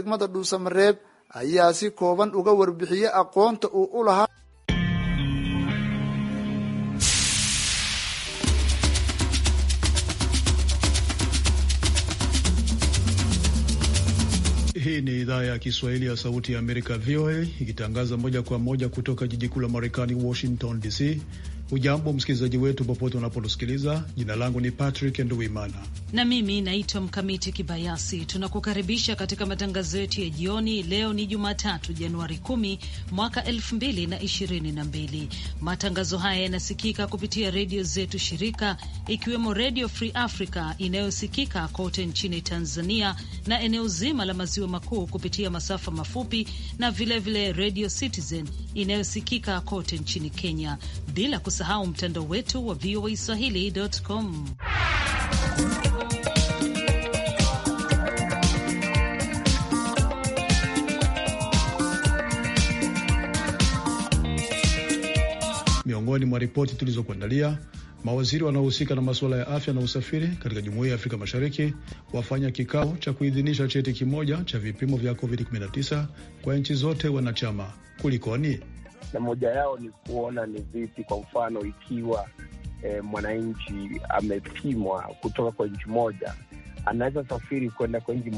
degmada dhuusamareeb ayaa si kooban uga warbixiyey aqoonta uu u lahaa Hii ni idhaa ya Kiswahili ya Sauti ya Amerika, VOA, ikitangaza moja kwa moja kutoka jiji kuu la Marekani, Washington DC. Ujambo msikilizaji wetu popote unapotusikiliza. Jina langu ni Patrick Nduimana na mimi naitwa Mkamiti Kibayasi. Tunakukaribisha katika matangazo yetu ya jioni. Leo ni Jumatatu, Januari 10 mwaka 2022. Matangazo haya yanasikika kupitia redio zetu shirika, ikiwemo Redio Free Africa inayosikika kote nchini Tanzania na eneo zima la maziwa makuu kupitia masafa mafupi na vilevile Redio Citizen inayosikika kote nchini Kenya, bila kusahau mtandao wetu wa VOA Swahili.com. Miongoni mwa ripoti tulizokuandalia Mawaziri wanaohusika na masuala ya afya na usafiri katika jumuiya ya Afrika Mashariki wafanya kikao cha kuidhinisha cheti kimoja cha vipimo vya COVID-19 kwa nchi zote wanachama. Kulikoni? Na moja yao ni kuona ni vipi, kwa mfano, ikiwa eh, mwananchi amepimwa kutoka kwa nchi moja anaweza safiri kwenda kwa nchi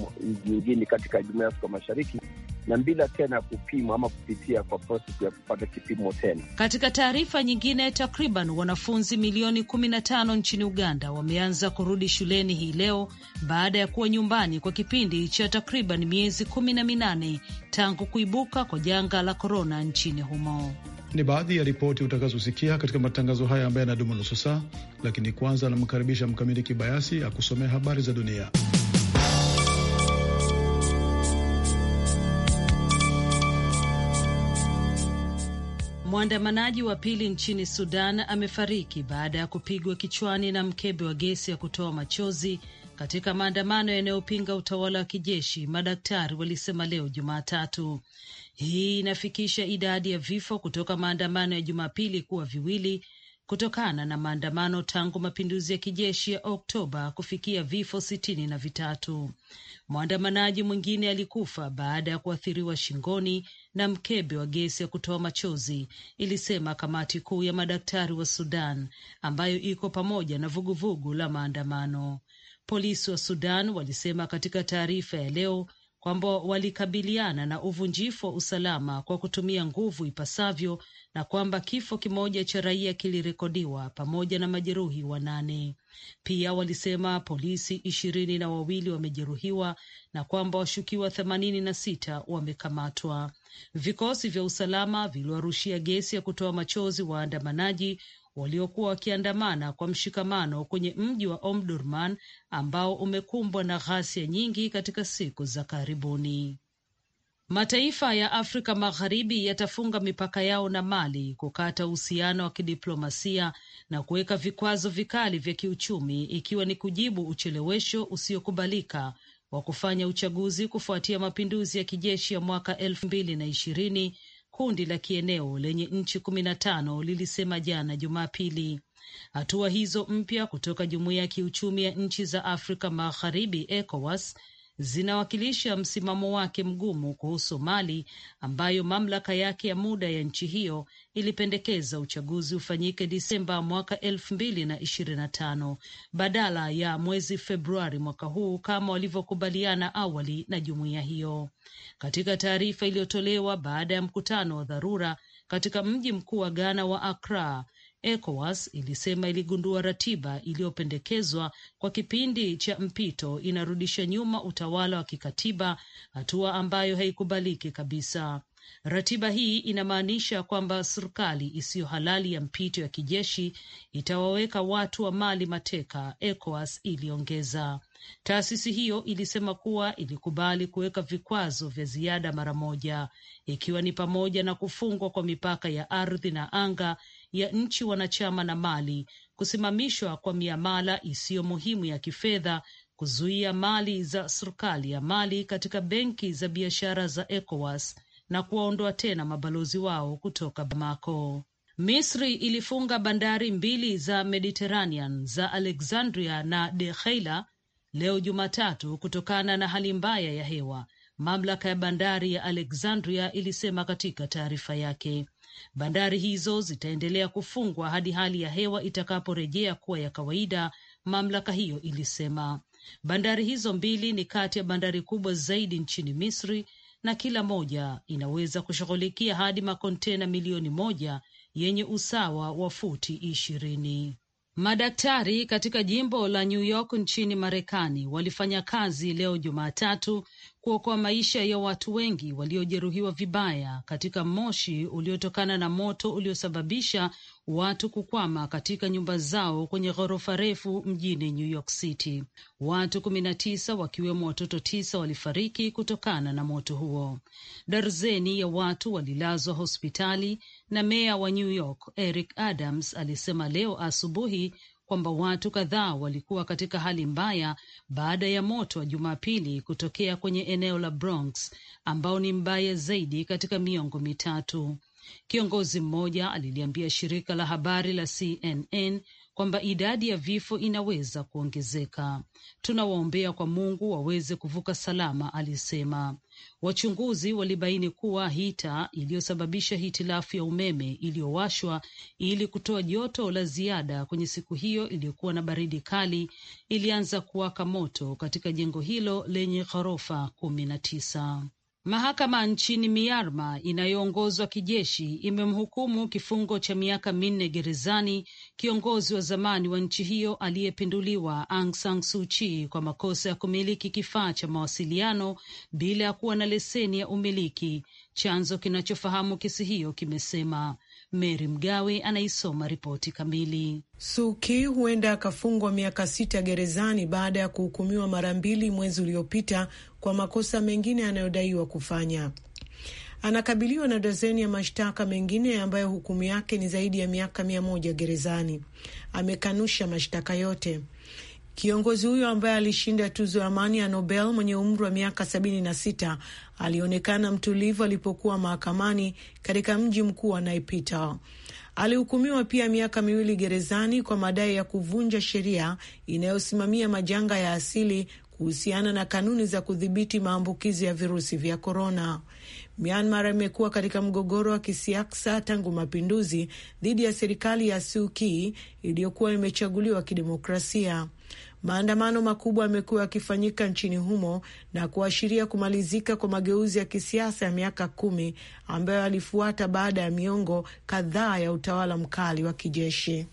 nyingine katika jumuiya ya Afrika Mashariki na bila tena kupimwa ama kupitia kwa proses ya kupata kipimo tena. Katika taarifa nyingine, takriban wanafunzi milioni kumi na tano nchini Uganda wameanza kurudi shuleni hii leo baada ya kuwa nyumbani kwa kipindi cha takriban miezi kumi na minane tangu kuibuka kwa janga la korona nchini humo. Ni baadhi ya ripoti utakazosikia katika matangazo haya ambayo yanadumu nusu saa, lakini kwanza anamkaribisha Mkamili Kibayasi akusomea habari za dunia. Mwandamanaji wa pili nchini Sudan amefariki baada ya kupigwa kichwani na mkebe wa gesi ya kutoa machozi katika maandamano yanayopinga utawala wa kijeshi, madaktari walisema leo Jumatatu. Hii inafikisha idadi ya vifo kutoka maandamano ya Jumapili kuwa viwili kutokana na maandamano tangu mapinduzi ya kijeshi ya Oktoba kufikia vifo sitini na vitatu. Mwandamanaji mwingine alikufa baada ya kuathiriwa shingoni na mkebe wa gesi ya kutoa machozi, ilisema kamati kuu ya madaktari wa Sudan ambayo iko pamoja na vuguvugu la maandamano. Polisi wa Sudan walisema katika taarifa ya leo kwamba walikabiliana na uvunjifu wa usalama kwa kutumia nguvu ipasavyo na kwamba kifo kimoja cha raia kilirekodiwa pamoja na majeruhi wanane. Pia walisema polisi ishirini na wawili wamejeruhiwa na kwamba washukiwa themanini na sita wamekamatwa. Vikosi vya usalama viliwarushia gesi ya kutoa machozi waandamanaji waliokuwa wakiandamana kwa mshikamano kwenye mji wa Omdurman ambao umekumbwa na ghasia nyingi katika siku za karibuni. Mataifa ya Afrika Magharibi yatafunga mipaka yao na Mali, kukata uhusiano wa kidiplomasia na kuweka vikwazo vikali vya kiuchumi, ikiwa ni kujibu uchelewesho usiokubalika wa kufanya uchaguzi kufuatia mapinduzi ya kijeshi ya mwaka elfu mbili na ishirini kundi la kieneo lenye nchi kumi na tano lilisema jana Jumapili. Hatua hizo mpya kutoka jumuiya ya kiuchumi ya nchi za Afrika Magharibi, ECOWAS, zinawakilisha msimamo wake mgumu kuhusu Mali ambayo mamlaka yake ya muda ya nchi hiyo ilipendekeza uchaguzi ufanyike Disemba mwaka elfu mbili na ishirini na tano badala ya mwezi Februari mwaka huu kama walivyokubaliana awali na jumuiya hiyo. Katika taarifa iliyotolewa baada ya mkutano wa dharura katika mji mkuu wa Ghana wa Accra, ECOWAS ilisema iligundua ratiba iliyopendekezwa kwa kipindi cha mpito inarudisha nyuma utawala wa kikatiba, hatua ambayo haikubaliki kabisa. Ratiba hii inamaanisha kwamba serikali isiyo halali ya mpito ya kijeshi itawaweka watu wa Mali mateka, ECOWAS iliongeza. Taasisi hiyo ilisema kuwa ilikubali kuweka vikwazo vya ziada mara moja, ikiwa ni pamoja na kufungwa kwa mipaka ya ardhi na anga ya nchi wanachama na Mali, kusimamishwa kwa miamala isiyo muhimu ya kifedha, kuzuia mali za serikali ya Mali katika benki za biashara za ECOWAS na kuwaondoa tena mabalozi wao kutoka Bamako. Misri ilifunga bandari mbili za Mediterranean za Alexandria na Dheheila leo Jumatatu kutokana na hali mbaya ya hewa, mamlaka ya bandari ya Alexandria ilisema katika taarifa yake. Bandari hizo zitaendelea kufungwa hadi hali ya hewa itakaporejea kuwa ya kawaida, mamlaka hiyo ilisema. Bandari hizo mbili ni kati ya bandari kubwa zaidi nchini Misri na kila moja inaweza kushughulikia hadi makontena milioni moja yenye usawa wa futi ishirini. Madaktari katika jimbo la New York nchini Marekani walifanya kazi leo Jumatatu kuokoa maisha ya watu wengi waliojeruhiwa vibaya katika moshi uliotokana na moto uliosababisha watu kukwama katika nyumba zao kwenye ghorofa refu mjini New York City. Watu kumi na tisa wakiwemo watoto tisa walifariki kutokana na moto huo. Darzeni ya watu walilazwa hospitali na meya wa New York Eric Adams alisema leo asubuhi kwamba watu kadhaa walikuwa katika hali mbaya baada ya moto wa Jumapili kutokea kwenye eneo la Bronx ambao ni mbaya zaidi katika miongo mitatu. Kiongozi mmoja aliliambia shirika la habari la CNN kwamba idadi ya vifo inaweza kuongezeka. Tunawaombea kwa Mungu waweze kuvuka salama, alisema. Wachunguzi walibaini kuwa hita iliyosababisha hitilafu ya umeme iliyowashwa ili kutoa joto la ziada kwenye siku hiyo iliyokuwa na baridi kali ilianza kuwaka moto katika jengo hilo lenye ghorofa kumi na tisa. Mahakama nchini Myanmar inayoongozwa kijeshi imemhukumu kifungo cha miaka minne gerezani kiongozi wa zamani wa nchi hiyo aliyepinduliwa Aung San Suu Kyi kwa makosa ya kumiliki kifaa cha mawasiliano bila ya kuwa na leseni ya umiliki, chanzo kinachofahamu kesi hiyo kimesema. Mary Mgawe anaisoma ripoti kamili. Suki huenda akafungwa miaka sita gerezani baada ya kuhukumiwa mara mbili mwezi uliopita kwa makosa mengine anayodaiwa kufanya. Anakabiliwa na dazeni ya mashtaka mengine ambayo hukumu yake ni zaidi ya miaka mia moja gerezani. Amekanusha mashtaka yote. Kiongozi huyo ambaye alishinda tuzo ya amani ya Nobel mwenye umri wa miaka sabini na sita alionekana mtulivu alipokuwa mahakamani katika mji mkuu wa Naypyidaw. Alihukumiwa pia miaka miwili gerezani kwa madai ya kuvunja sheria inayosimamia majanga ya asili kuhusiana na kanuni za kudhibiti maambukizi ya virusi vya korona. Myanmar imekuwa katika mgogoro wa kisiasa tangu mapinduzi dhidi ya serikali ya Suu Kyi iliyokuwa imechaguliwa kidemokrasia. Maandamano makubwa yamekuwa yakifanyika nchini humo na kuashiria kumalizika kwa mageuzi ya kisiasa ya miaka kumi ambayo yalifuata baada ya miongo kadhaa ya utawala mkali wa kijeshi.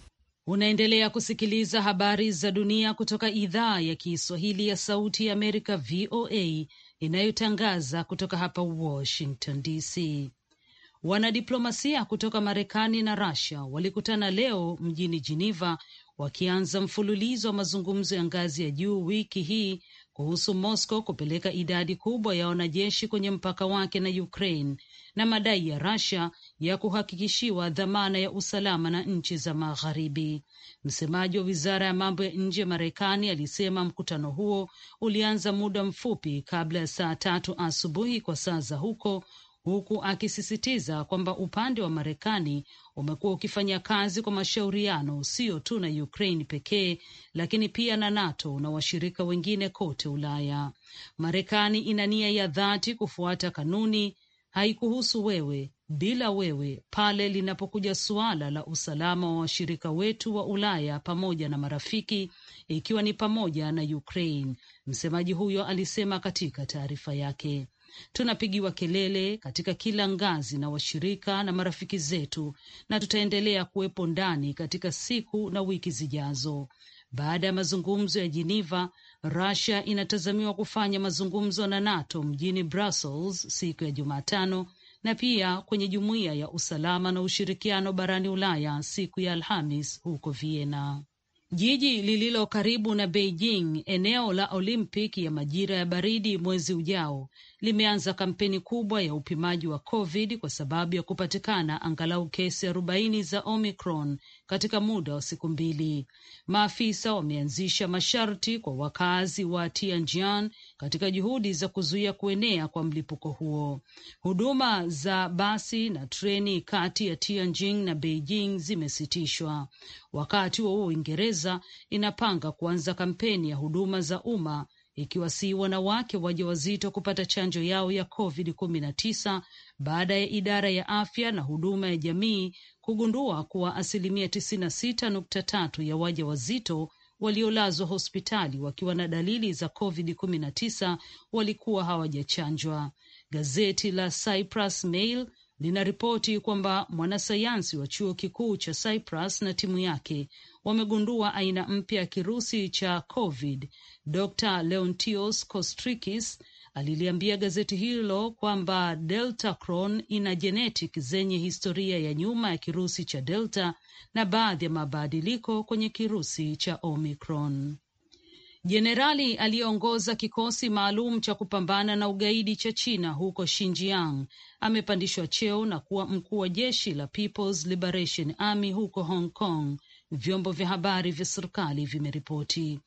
Unaendelea kusikiliza habari za dunia kutoka idhaa ya Kiswahili ya Sauti ya Amerika, VOA, inayotangaza kutoka hapa Washington DC. Wanadiplomasia kutoka Marekani na rasia walikutana leo mjini Geneva, wakianza mfululizo wa mazungumzo ya ngazi ya juu wiki hii kuhusu Moscow kupeleka idadi kubwa ya wanajeshi kwenye mpaka wake na Ukraine na madai ya Russia ya kuhakikishiwa dhamana ya usalama na nchi za Magharibi. Msemaji wa wizara ya mambo ya nje ya Marekani alisema mkutano huo ulianza muda mfupi kabla ya saa tatu asubuhi kwa saa za huko, huku akisisitiza kwamba upande wa Marekani umekuwa ukifanya kazi kwa mashauriano sio tu na Ukraine pekee, lakini pia na NATO na washirika wengine kote Ulaya. Marekani ina nia ya dhati kufuata kanuni haikuhusu wewe bila wewe pale linapokuja suala la usalama wa washirika wetu wa Ulaya pamoja na marafiki, ikiwa ni pamoja na Ukraine, msemaji huyo alisema katika taarifa yake. Tunapigiwa kelele katika kila ngazi na washirika na marafiki zetu, na tutaendelea kuwepo ndani katika siku na wiki zijazo. Baada ya mazungumzo ya Jiniva, Rusia inatazamiwa kufanya mazungumzo na NATO mjini Brussels siku ya Jumatano na pia kwenye jumuiya ya usalama na ushirikiano barani Ulaya siku ya Alhamis huko Vienna jiji lililo karibu na Beijing, eneo la olympic ya majira ya baridi mwezi ujao, limeanza kampeni kubwa ya upimaji wa COVID kwa sababu ya kupatikana angalau kesi arobaini za Omicron katika muda wa siku mbili. Maafisa wameanzisha masharti kwa wakazi wa Tianjin katika juhudi za kuzuia kuenea kwa mlipuko huo. Huduma za basi na treni kati ya Tianjin na Beijing zimesitishwa. Wakati huo Uingereza inapanga kuanza kampeni ya huduma za umma ikiwa si wanawake wajawazito kupata chanjo yao ya COVID-19 baada ya idara ya afya na huduma ya jamii kugundua kuwa asilimia 96.3 ya wajawazito waliolazwa hospitali wakiwa na dalili za COVID-19 walikuwa hawajachanjwa. Gazeti la Cyprus Mail linaripoti kwamba mwanasayansi wa chuo kikuu cha Cyprus na timu yake wamegundua aina mpya ya kirusi cha COVID. Dr Leontios Kostrikis aliliambia gazeti hilo kwamba Delta Cron ina jenetic zenye historia ya nyuma ya kirusi cha Delta na baadhi ya mabadiliko kwenye kirusi cha Omicron. Jenerali aliyeongoza kikosi maalum cha kupambana na ugaidi cha China huko Xinjiang amepandishwa cheo na kuwa mkuu wa jeshi la People's Liberation Army huko Hong Kong, vyombo vya habari vya serikali vimeripoti.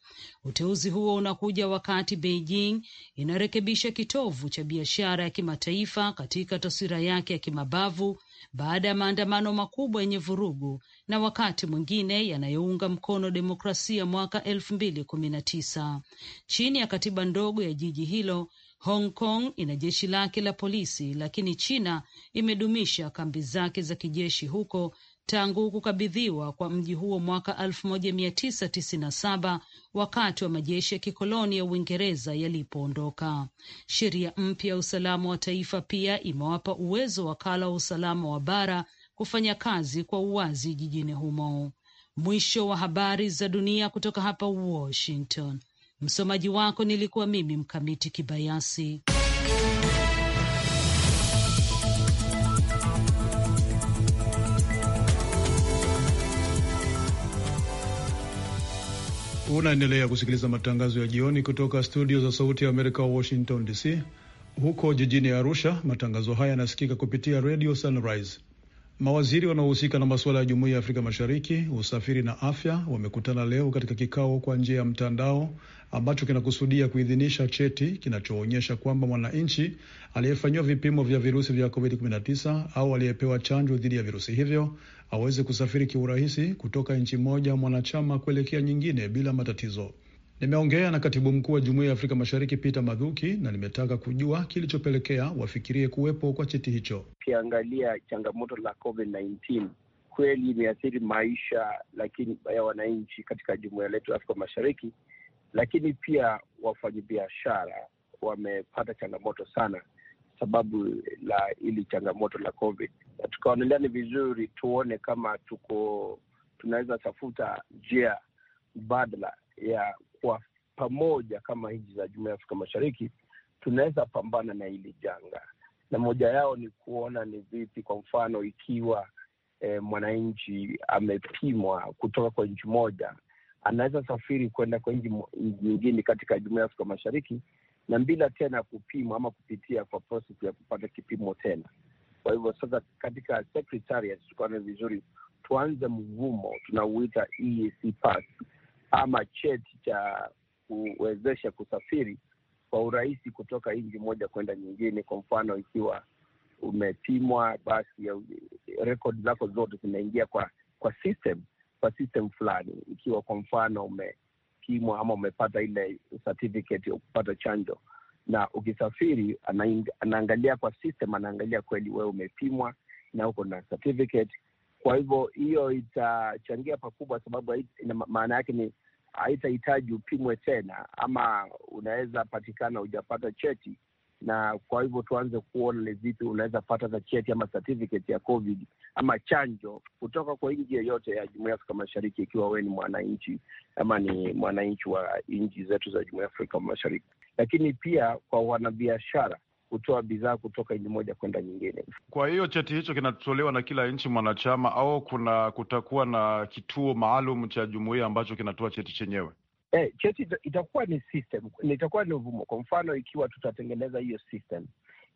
Uteuzi huo unakuja wakati Beijing inarekebisha kitovu cha biashara ya kimataifa katika taswira yake ya kimabavu baada ya maandamano makubwa yenye vurugu na wakati mwingine yanayounga mkono demokrasia mwaka elfu mbili kumi na tisa. Chini ya katiba ndogo ya jiji hilo, Hong Kong ina jeshi lake la polisi, lakini China imedumisha kambi zake za kijeshi huko tangu kukabidhiwa kwa mji huo mwaka 1997 wakati wa majeshi ya kikoloni ya Uingereza yalipoondoka. Sheria mpya ya usalama wa taifa pia imewapa uwezo wakala wa usalama wa bara kufanya kazi kwa uwazi jijini humo. Mwisho wa habari za dunia kutoka hapa Washington. Msomaji wako nilikuwa mimi Mkamiti Kibayasi. Unaendelea kusikiliza matangazo ya jioni kutoka studio za Sauti ya Amerika, Washington DC. Huko jijini Arusha, matangazo haya yanasikika kupitia Radio Sunrise. Mawaziri wanaohusika na masuala ya Jumuiya ya Afrika Mashariki, usafiri na afya wamekutana leo katika kikao kwa njia ya mtandao ambacho kinakusudia kuidhinisha cheti kinachoonyesha kwamba mwananchi aliyefanyiwa vipimo vya virusi vya COVID-19 au aliyepewa chanjo dhidi ya virusi hivyo aweze kusafiri kiurahisi kutoka nchi moja mwanachama kuelekea nyingine bila matatizo. Nimeongea na katibu mkuu wa Jumuiya ya Afrika Mashariki Peter madhuki na nimetaka kujua kilichopelekea wafikirie kuwepo kwa cheti hicho. Ukiangalia changamoto la COVID-19 kweli imeathiri maisha lakini ya wananchi katika jumuiya letu ya Afrika Mashariki, lakini pia wafanyabiashara wamepata changamoto sana sababu la ili changamoto la COVID, na tukaonelea ni vizuri tuone kama tuko tunaweza tafuta njia mbadala ya kwa pamoja kama nchi za Jumuiya ya Afrika Mashariki tunaweza pambana na hili janga, na moja yao ni kuona ni vipi, kwa mfano, ikiwa e, mwananchi amepimwa kutoka kwa nchi moja, anaweza safiri kwenda kwa nchi nyingine katika Jumuiya ya Afrika Mashariki na bila tena kupimwa ama kupitia kwa proses ya kupata kipimo tena. Kwa hivyo sasa, katika secretariat tukaone vizuri, tuanze mvumo tunauita EAC Pass ama cheti cha kuwezesha kusafiri kwa urahisi kutoka nchi moja kwenda nyingine. Kwa mfano, ikiwa umepimwa basi rekodi zako zote zinaingia kwa kwa system, kwa system fulani. Ikiwa kwa mfano umepimwa ama umepata ile certificate ya kupata chanjo, na ukisafiri anaangalia kwa system, anaangalia kweli wewe umepimwa na uko na certificate. Kwa hivyo hiyo itachangia pakubwa, sababu maana yake ni haitahitaji upimwe tena, ama unaweza patikana hujapata cheti, na kwa hivyo tuanze kuona ni vipi unaweza pata za cheti ama certificate ya COVID ama chanjo kutoka kwa nchi yoyote ya Jumuiya ya Afrika Mashariki, ikiwa wewe ni mwananchi ama ni mwananchi wa nchi zetu za Jumuiya ya Afrika Mashariki. Lakini pia kwa wanabiashara kutoa bidhaa kutoka nchi moja kwenda nyingine. Kwa hiyo cheti hicho kinatolewa na kila nchi mwanachama, au kuna kutakuwa na kituo maalum cha jumuiya ambacho kinatoa cheti chenyewe? Eh, cheti itakuwa ni system, itakuwa ni mfumo. Kwa mfano, ikiwa tutatengeneza hiyo system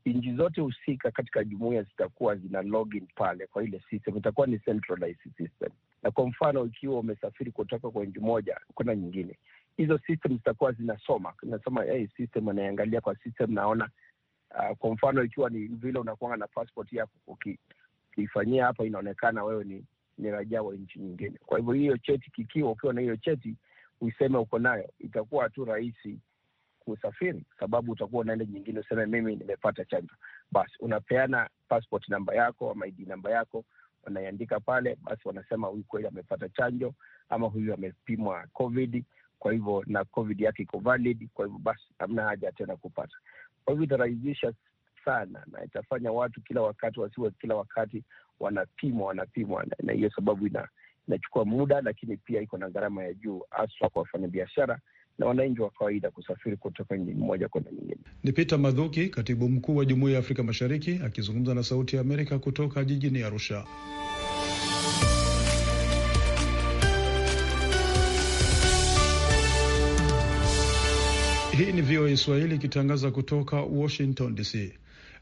nchi zote husika katika jumuiya zitakuwa zina login pale kwa ile system, itakuwa ni centralized system. Na kwa mfano ikiwa umesafiri kutoka kwa nchi moja kwenda nyingine, hizo system zitakuwa zinasoma, nasoma hey, system anaangalia kwa system, naona Uh, kwa mfano ikiwa ni vile unakuanga na passport yako ukiifanyia hapa, inaonekana wewe ni ni raia wa nchi nyingine. Kwa hivyo hiyo cheti kikiwa, ukiwa na hiyo cheti useme uko nayo, itakuwa tu rahisi kusafiri, sababu utakuwa unaenda nyingine, useme mimi nimepata chanjo. Basi unapeana passport namba yako ama ID namba yako, wanaiandika pale, basi wanasema huyu kweli amepata chanjo ama huyu amepimwa COVID, kwa hivyo na COVID yake iko valid, kwa hivyo basi hamna haja tena kupata. Kwa hivyo itarahisisha sana na itafanya watu kila wakati wasiwe kila wakati wanapimwa wanapimwa, na hiyo sababu ina, inachukua muda, lakini pia iko na gharama ya juu haswa kwa wafanyabiashara na wananchi wa kawaida kusafiri kutoka nchi mmoja kwenda nyingine. Ni Peter madhuki katibu mkuu wa Jumuiya ya Afrika Mashariki, akizungumza na Sauti ya Amerika kutoka jijini Arusha. Hii ni VOA Swahili ikitangaza kutoka Washington DC.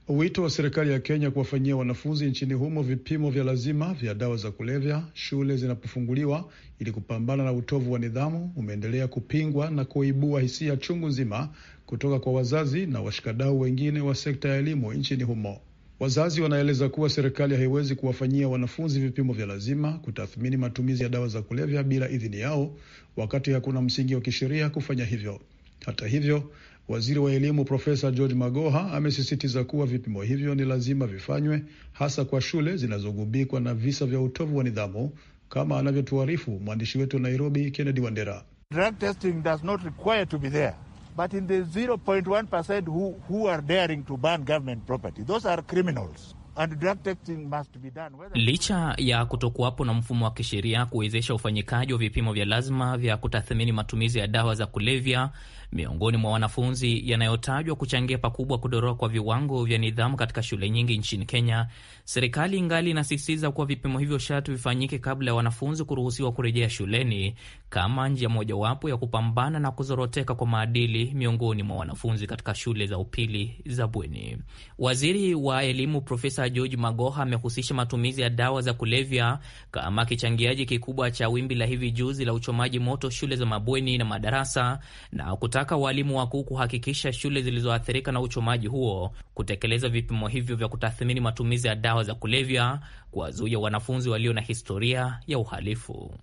Wito wa serikali ya Kenya kuwafanyia wanafunzi nchini humo vipimo vya lazima vya dawa za kulevya shule zinapofunguliwa ili kupambana na utovu wa nidhamu umeendelea kupingwa na kuibua hisia chungu nzima kutoka kwa wazazi na washikadau wengine wa sekta ya elimu nchini humo. Wazazi wanaeleza kuwa serikali haiwezi kuwafanyia wanafunzi vipimo vya lazima kutathmini matumizi ya dawa za kulevya bila idhini yao, wakati hakuna msingi wa kisheria kufanya hivyo. Hata hivyo, waziri wa elimu Profesa George Magoha amesisitiza kuwa vipimo hivyo ni lazima vifanywe hasa kwa shule zinazogubikwa na visa vya utovu wa nidhamu, kama anavyotuarifu mwandishi wetu Nairobi, Kennedy Wandera. Drug testing does not require to be there. But in the 0.1% who, who are daring to government property, those are criminals. And drug testing must be done whether... Licha ya kutokuwapo na mfumo wa kisheria kuwezesha ufanyikaji wa vipimo vya lazima vya kutathmini matumizi ya dawa za kulevya, miongoni mwa wanafunzi yanayotajwa kuchangia pakubwa kudorora kwa viwango vya nidhamu katika shule nyingi nchini Kenya. Serikali ingali inasisitiza kuwa vipimo hivyo sharti vifanyike kabla ya wanafunzi kuruhusiwa kurejea shuleni kama njia mojawapo ya kupambana na kuzoroteka kwa maadili miongoni mwa wanafunzi katika shule za upili za bweni. Waziri wa elimu Profesa George Magoha amehusisha matumizi ya dawa za kulevya kama kichangiaji kikubwa cha wimbi la hivi juzi la uchomaji moto shule za mabweni na madarasa na kuwataka waalimu wakuu kuhakikisha shule zilizoathirika na uchomaji huo kutekeleza vipimo hivyo vya kutathmini matumizi ya dawa za kulevya, kuwazuia wanafunzi walio na historia ya uhalifu.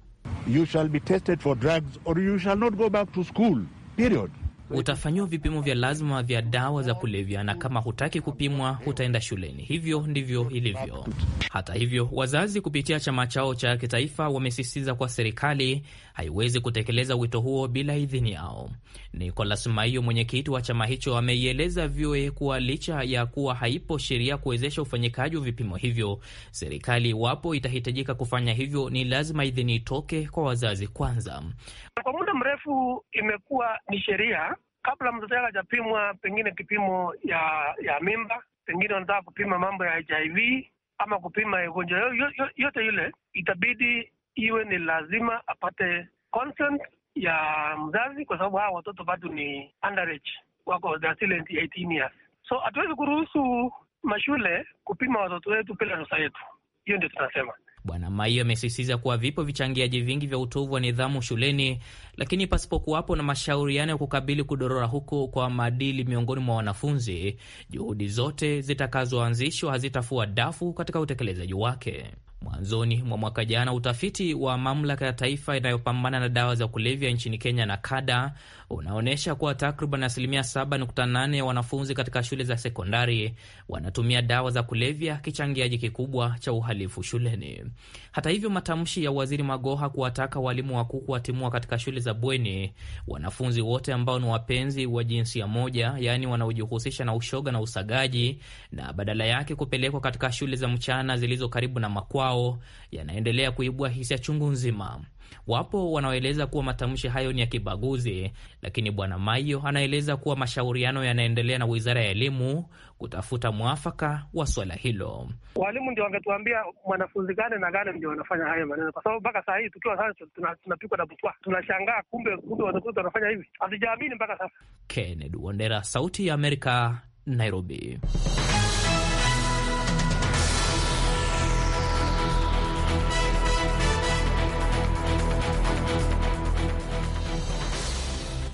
You shall be tested for drugs or you shall not go back to school period utafanyiwa vipimo vya lazima vya dawa za kulevya, na kama hutaki kupimwa hutaenda shuleni. Hivyo ndivyo ilivyo. Hata hivyo, wazazi kupitia chama chao cha kitaifa wamesisitiza kuwa serikali haiwezi kutekeleza wito huo bila idhini yao. Nicolas Maiyo, mwenyekiti wa chama hicho, ameieleza VOA kuwa licha ya kuwa haipo sheria kuwezesha ufanyikaji wa vipimo hivyo, serikali iwapo itahitajika kufanya hivyo, ni lazima idhini itoke kwa wazazi kwanza. Halafu imekuwa ni sheria, kabla mtoto yake hajapimwa, pengine kipimo ya ya mimba, pengine wanataka kupima mambo ya HIV ama kupima ugonjwa yote yule, itabidi iwe ni lazima apate consent ya mzazi, kwa sababu hawa watoto bado ni underage, wako still 18 years. So hatuwezi kuruhusu mashule kupima watoto wetu bila ruhusa yetu. Hiyo ndio tunasema. Bwana Mai amesisitiza kuwa vipo vichangiaji vingi vya utovu wa nidhamu shuleni, lakini pasipokuwapo na mashauriano ya kukabili kudorora huko kwa maadili miongoni mwa wanafunzi, juhudi zote zitakazoanzishwa hazitafua dafu katika utekelezaji wake. Mwanzoni mwa mwaka jana, utafiti wa mamlaka ya taifa inayopambana na dawa za kulevya nchini Kenya na kada unaonyesha kuwa takriban asilimia 7.8 ya wanafunzi katika shule za sekondari wanatumia dawa za kulevya, kichangiaji kikubwa cha uhalifu shuleni. Hata hivyo, matamshi ya Waziri Magoha kuwataka walimu wakuu kuwatimua katika shule za bweni wanafunzi wote ambao ni wapenzi wa jinsia ya moja, yaani wanaojihusisha na ushoga na usagaji, na badala yake kupelekwa katika shule za mchana zilizo karibu na makwao, yanaendelea kuibua hisia chungu nzima. Wapo wanaoeleza kuwa matamshi hayo ni ya kibaguzi, lakini Bwana Mayo anaeleza kuwa mashauriano yanaendelea na wizara ya elimu kutafuta mwafaka wa swala hilo. Walimu ndio wangetuambia mwanafunzi gane na gane ndio wanafanya hayo maneno, kwa sababu mpaka saa hii tukiwa sasa tunapikwa na butwa, tunashangaa kumbe kumbe wanafunzi wanafanya hivi, hatujaamini mpaka sasa. Kennedy Wandera, Sauti ya Amerika, Nairobi.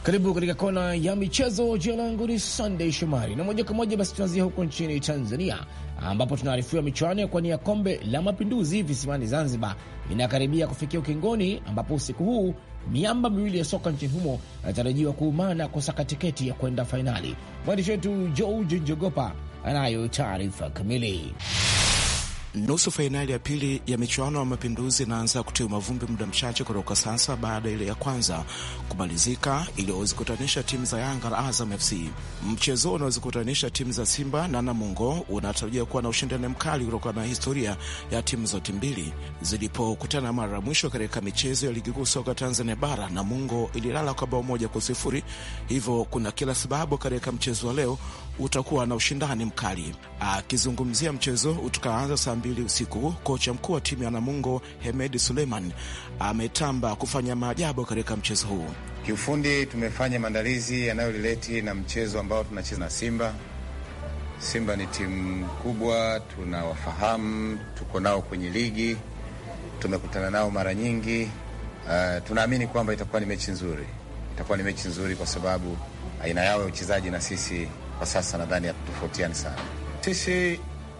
Karibu katika kona ya michezo. Jina langu ni Sunday Shomari na moja kwa moja basi tunaanzia huko nchini Tanzania, ambapo tunaarifiwa michuano ya kuwania kombe la mapinduzi visiwani Zanzibar inakaribia kufikia ukingoni, ambapo usiku huu miamba miwili ya soka nchini humo inatarajiwa kuumana kusaka tiketi ya kwenda fainali. Mwandishi wetu George Njogopa anayo taarifa kamili. Nusu fainali ya pili ya michuano ya Mapinduzi inaanza kutia mavumbi muda mchache kutoka sasa, baada ile ya kwanza kumalizika, iliyozikutanisha timu za Yanga na Azam FC. Mchezo unaozikutanisha timu za Simba na Namungo unatarajia kuwa na ushindani mkali kutokana na historia ya timu zote mbili zilipokutana mara ya mwisho katika michezo ya ligi kuu soka Tanzania Bara. Namungo ililala kwa bao moja kwa sifuri, hivyo kuna kila sababu katika mchezo wa leo utakuwa na ushindani mkali. Akizungumzia mchezo utakaanza saa mbili usiku, kocha mkuu wa timu ya Namungo Hemedi Suleiman ametamba kufanya maajabu katika mchezo huu. Kiufundi tumefanya maandalizi yanayolileti na mchezo ambao tunacheza na Simba. Simba ni timu kubwa, tunawafahamu, tuko nao kwenye ligi, tumekutana nao mara nyingi. Uh, tunaamini kwamba itakuwa ni mechi nzuri, itakuwa ni mechi nzuri kwa sababu aina yao ya uchezaji na sisi kwa sasa nadhani hatutofautiani sana. Sisi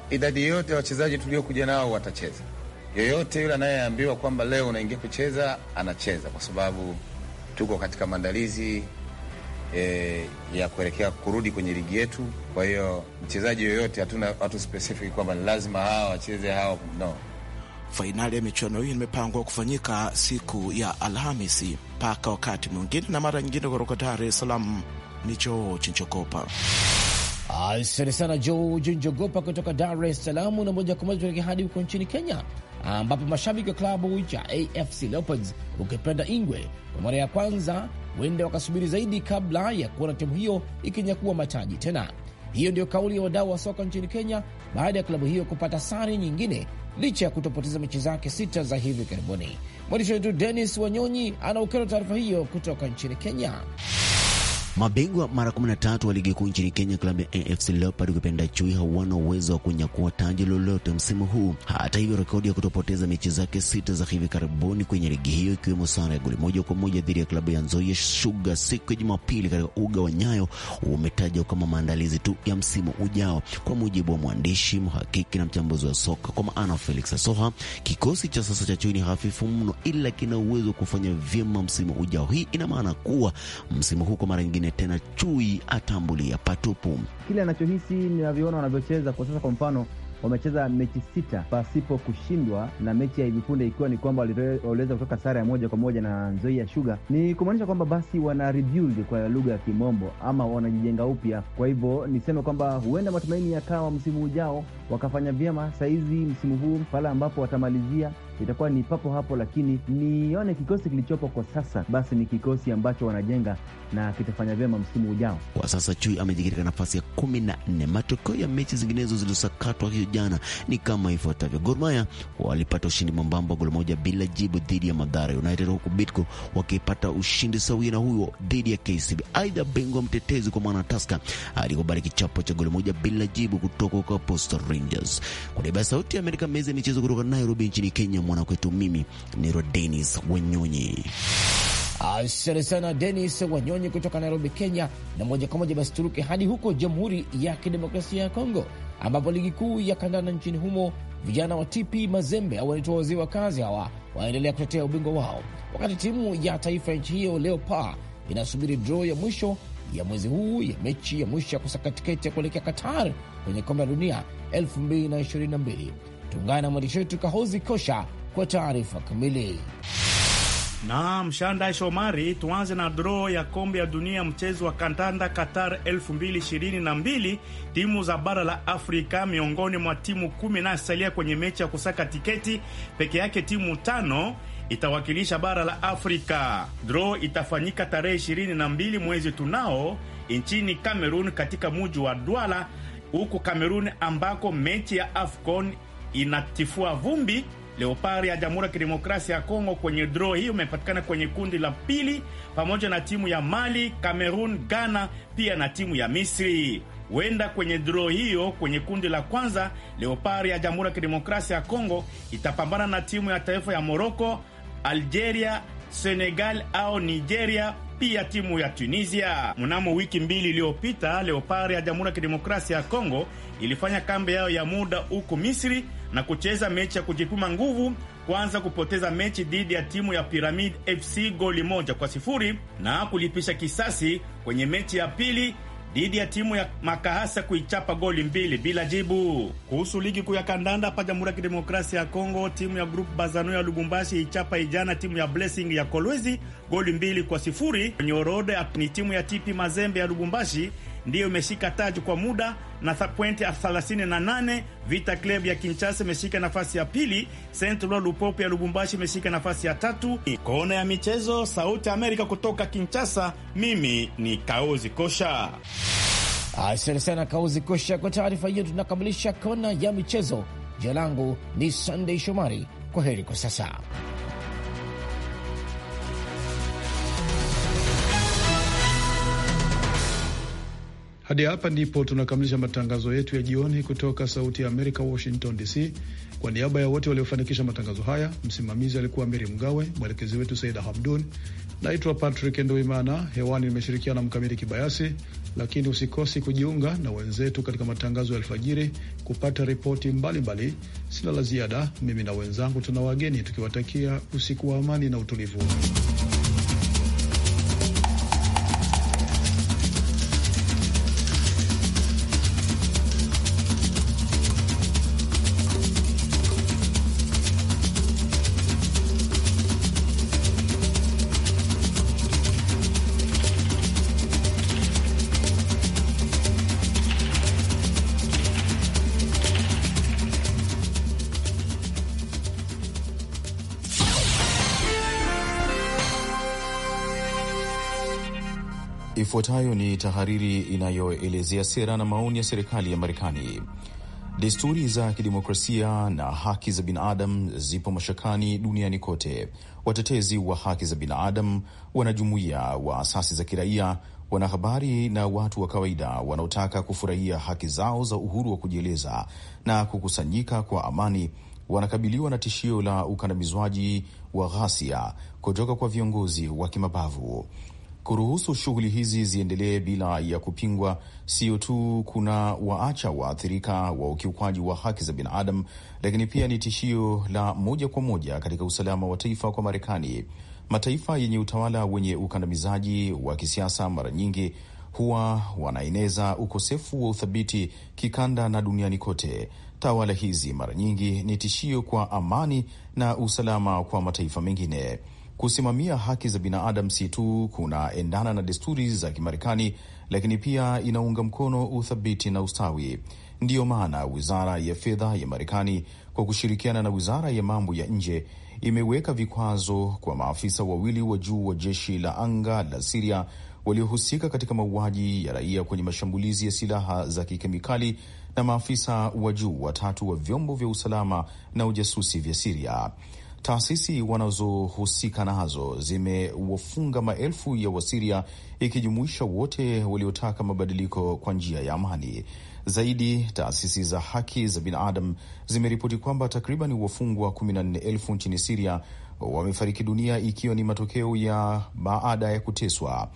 idadi yoyote ya wachezaji tuliokuja nao watacheza. Yoyote yule anayeambiwa kwamba leo unaingia kucheza anacheza, kwa sababu tuko katika maandalizi e, ya kuelekea kurudi kwenye ligi yetu. Kwa hiyo mchezaji yoyote, hatuna watu specific kwamba ni lazima hawa wacheze hawa, no. Fainali ya michuano hiyo imepangwa kufanyika siku ya Alhamisi. Mpaka wakati mwingine na mara nyingine, kutoka Dar es Salaam ni choo chinchokopa. Asante sana George Njogopa kutoka Dar es Salaam. Na moja kwa moja tuelekea hadi huko nchini Kenya, ambapo mashabiki wa klabu cha AFC Leopards ukipenda Ingwe kwa mara ya kwanza huenda wakasubiri zaidi kabla ya kuona timu hiyo ikinyakua mataji tena. Hiyo ndiyo kauli ya wadau wa soka nchini Kenya baada ya klabu hiyo kupata sare nyingine licha ya kutopoteza mechi zake sita za hivi karibuni. Mwandishi wetu denis Wanyonyi anaukera taarifa hiyo kutoka nchini Kenya. Mabingwa mara 13 wa ligi kuu nchini Kenya, klabu ya AFC Leopards ukipenda chui, hawana uwezo wa kunyakua taji lolote msimu huu. Hata hivyo, rekodi ya kutopoteza mechi zake sita za hivi karibuni kwenye ligi hiyo, ikiwemo sare ya goli moja kwa moja dhidi ya klabu ya Nzoia Sugar siku ya Jumapili katika uga wa Nyayo, umetajwa kama maandalizi tu ya msimu ujao. Kwa mujibu wa mwandishi, mhakiki na mchambuzi wa soka kwa maana Felix Asoha, kikosi cha sasa cha chui ni hafifu mno, ila kina uwezo wa kufanya vyema msimu ujao. Hii ina maana kuwa msimu huu kwa mara nyingine mwingine tena chui atambulia patupu. Kile anachohisi ninavyoona wanavyocheza kwa sasa, kwa mfano wamecheza mechi sita pasipo kushindwa, na mechi ya hivi punde ikiwa ni kwamba waliweza kutoka sare ya moja kwa moja na Nzoia Sugar, ni kumaanisha kwamba basi wana rebuild kwa lugha ya Kimombo ama wanajijenga upya. Kwa hivyo niseme kwamba huenda matumaini yakawa msimu ujao wakafanya vyema. sahizi msimu huu pale ambapo watamalizia itakuwa ni papo hapo, lakini nione kikosi kilichopo kwa sasa, basi ni kikosi ambacho wanajenga na kitafanya vyema msimu ujao. Kwa sasa, Chui amejikita nafasi ya kumi na nne. Matokeo ya mechi zinginezo zilizosakatwa hiyo jana ni kama ifuatavyo: Gor Mahia walipata ushindi mwembamba goli moja bila jibu dhidi ya Mathare United, huku Bidco wakipata ushindi sawia na huyo dhidi ya KCB. Aidha, bingwa mtetezi kwa maana Taska alikubali kichapo cha goli moja bila jibu kutoka kwa Coastal Rangers. Kwa niaba ya Sauti ya Amerika, meza ya michezo kutoka Nairobi nchini Kenya, mwanakwetu mimi ni Rodenis Wenyonyi. Asante ah, sana Denis Wanyonyi kutoka Nairobi, Kenya. Na moja kwa moja basi turuke hadi huko Jamhuri ya Kidemokrasia ya Kongo, ambapo ligi kuu ya kandanda nchini humo vijana wa TP Mazembe au wanaitwa wazee wa kazi hawa wanaendelea kutetea ubingwa wao, wakati timu ya taifa ya nchi hiyo Leopards inasubiri draw ya mwisho ya mwezi huu ya mechi ya mwisho ya kusaka tiketi ya kuelekea Qatar kwenye kombe la dunia 2022. Tuungana na mwandishi wetu Kahozi Kosha kwa taarifa kamili. Naam, Shandai Shomari, tuanze na draw ya kombe ya dunia mchezo wa kandanda Qatar 2022. Timu za bara la Afrika miongoni mwa timu kumi inayosalia kwenye mechi ya kusaka tiketi, peke yake timu tano itawakilisha bara la Afrika. Draw itafanyika tarehe 22 mwezi tunao nchini Cameroon, katika muji wa Douala, huku Cameroon ambako mechi ya AFCON inatifua vumbi Leopard ya Jamhuri ya Kidemokrasia ya Kongo kwenye draw hiyo imepatikana kwenye kundi la pili pamoja na timu ya Mali, Cameroon, Ghana pia na timu ya Misri. Huenda kwenye draw hiyo kwenye kundi la kwanza, Leopard ya Jamhuri ya Kidemokrasia ya Kongo itapambana na timu ya taifa ya Moroko, Algeria, Senegal au Nigeria pia timu ya Tunisia. Mnamo wiki mbili iliyopita, Leopard ya Jamhuri ya Kidemokrasia ya Kongo ilifanya kambi yao ya muda huko Misri na kucheza mechi ya kujipima nguvu kwanza kupoteza mechi dhidi ya timu ya Pyramid FC goli moja kwa sifuri na kulipisha kisasi kwenye mechi ya pili dhidi ya timu ya Makahasa kuichapa goli mbili bila jibu. Kuhusu ligi kuu ya kandanda hapa Jamhuri ya Kidemokrasia ya Kongo, timu ya Group Bazano ya Lubumbashi ichapa ijana timu ya Blessing ya Kolwezi goli mbili kwa sifuri. Kwenye orodha ni timu ya Tipi Mazembe ya Lubumbashi ndiyo imeshika taji kwa muda na pointi 38. Vita Club ya Kinshasa imeshika nafasi ya pili. Central Lupopo ya Lubumbashi imeshika nafasi ya tatu. Kona ya michezo, Sauti Amerika kutoka Kinshasa, mimi ni Kaozi Kosha. Asante sana Kaozi Kosha kwa taarifa hiyo. Tunakamilisha kona ya michezo. Jina langu ni Sunday Shomari. Kwa heri kwa sasa. Hadi hapa ndipo tunakamilisha matangazo yetu ya jioni kutoka Sauti ya Amerika, Washington DC. Kwa niaba ya wote waliofanikisha matangazo haya, msimamizi alikuwa Meri Mgawe, mwelekezi wetu Saida Hamdun. Naitwa Patrick Nduimana, hewani nimeshirikiana na Mkamiri Kibayasi, lakini usikosi kujiunga na wenzetu katika matangazo ya alfajiri kupata ripoti mbalimbali. Sina la ziada, mimi na wenzangu tuna wageni tukiwatakia usiku wa amani na utulivu. Ifuatayo ni tahariri inayoelezea sera na maoni ya serikali ya Marekani. Desturi za kidemokrasia na haki za binadamu zipo mashakani duniani kote. Watetezi wa haki za binadamu, wanajumuiya wa asasi za kiraia, wanahabari na watu wa kawaida wanaotaka kufurahia haki zao za uhuru wa kujieleza na kukusanyika kwa amani wanakabiliwa na tishio la ukandamizwaji wa ghasia kutoka kwa viongozi wa kimabavu. Kuruhusu shughuli hizi ziendelee bila ya kupingwa, sio tu kuna waacha waathirika wa ukiukwaji wa haki za binadamu, lakini pia ni tishio la moja kwa moja katika usalama wa taifa kwa Marekani. Mataifa yenye utawala wenye ukandamizaji wa kisiasa mara nyingi huwa wanaeneza ukosefu wa uthabiti kikanda na duniani kote. Tawala hizi mara nyingi ni tishio kwa amani na usalama kwa mataifa mengine. Kusimamia haki za binadamu si tu kunaendana na desturi za Kimarekani, lakini pia inaunga mkono uthabiti na ustawi. Ndiyo maana wizara ya fedha ya Marekani kwa kushirikiana na wizara ya mambo ya nje imeweka vikwazo kwa maafisa wawili wa juu wa jeshi la anga la Siria waliohusika katika mauaji ya raia kwenye mashambulizi ya silaha za kikemikali na maafisa wa juu watatu wa vyombo vya usalama na ujasusi vya Siria. Taasisi wanazohusika nazo zimewafunga maelfu ya Wasiria ikijumuisha wote waliotaka mabadiliko kwa njia ya amani. Zaidi, taasisi za haki za binadamu zimeripoti kwamba takriban wafungwa 14,000 nchini Siria wamefariki dunia ikiwa ni matokeo ya baada ya kuteswa.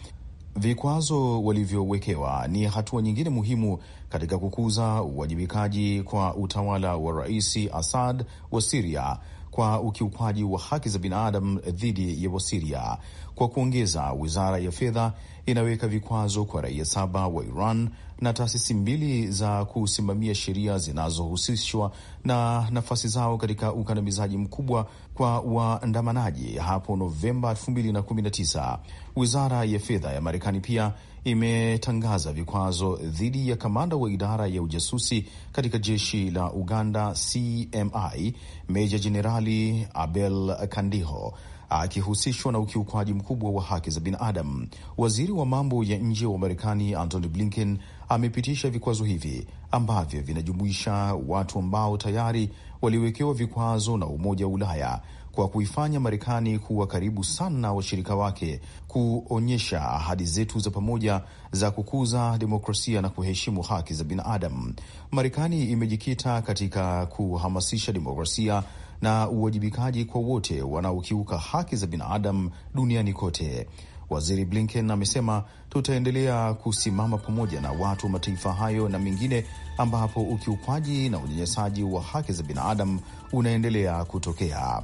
Vikwazo walivyowekewa ni hatua nyingine muhimu katika kukuza uwajibikaji kwa utawala wa Rais Assad wa Siria kwa ukiukwaji wa haki za binadamu dhidi ya Wasiria. Kwa kuongeza, wizara ya fedha inaweka vikwazo kwa raia saba wa Iran na taasisi mbili za kusimamia sheria zinazohusishwa na nafasi zao katika ukandamizaji mkubwa kwa waandamanaji hapo Novemba 2019. Wizara ya fedha ya Marekani pia imetangaza vikwazo dhidi ya kamanda wa idara ya ujasusi katika jeshi la Uganda CMI, Meja Jenerali Abel Kandiho akihusishwa na ukiukwaji mkubwa wa haki za binadamu. Waziri wa mambo ya nje wa Marekani Antony Blinken amepitisha vikwazo hivi ambavyo vinajumuisha watu ambao tayari waliwekewa vikwazo na Umoja wa Ulaya kwa kuifanya Marekani kuwa karibu sana na washirika wake, kuonyesha ahadi zetu za pamoja za kukuza demokrasia na kuheshimu haki za binadamu. Marekani imejikita katika kuhamasisha demokrasia na uwajibikaji kwa wote wanaokiuka haki za binadamu duniani kote. Waziri Blinken amesema tutaendelea kusimama pamoja na watu wa mataifa hayo na mengine ambapo ukiukwaji na unyanyasaji wa haki za binadamu unaendelea kutokea.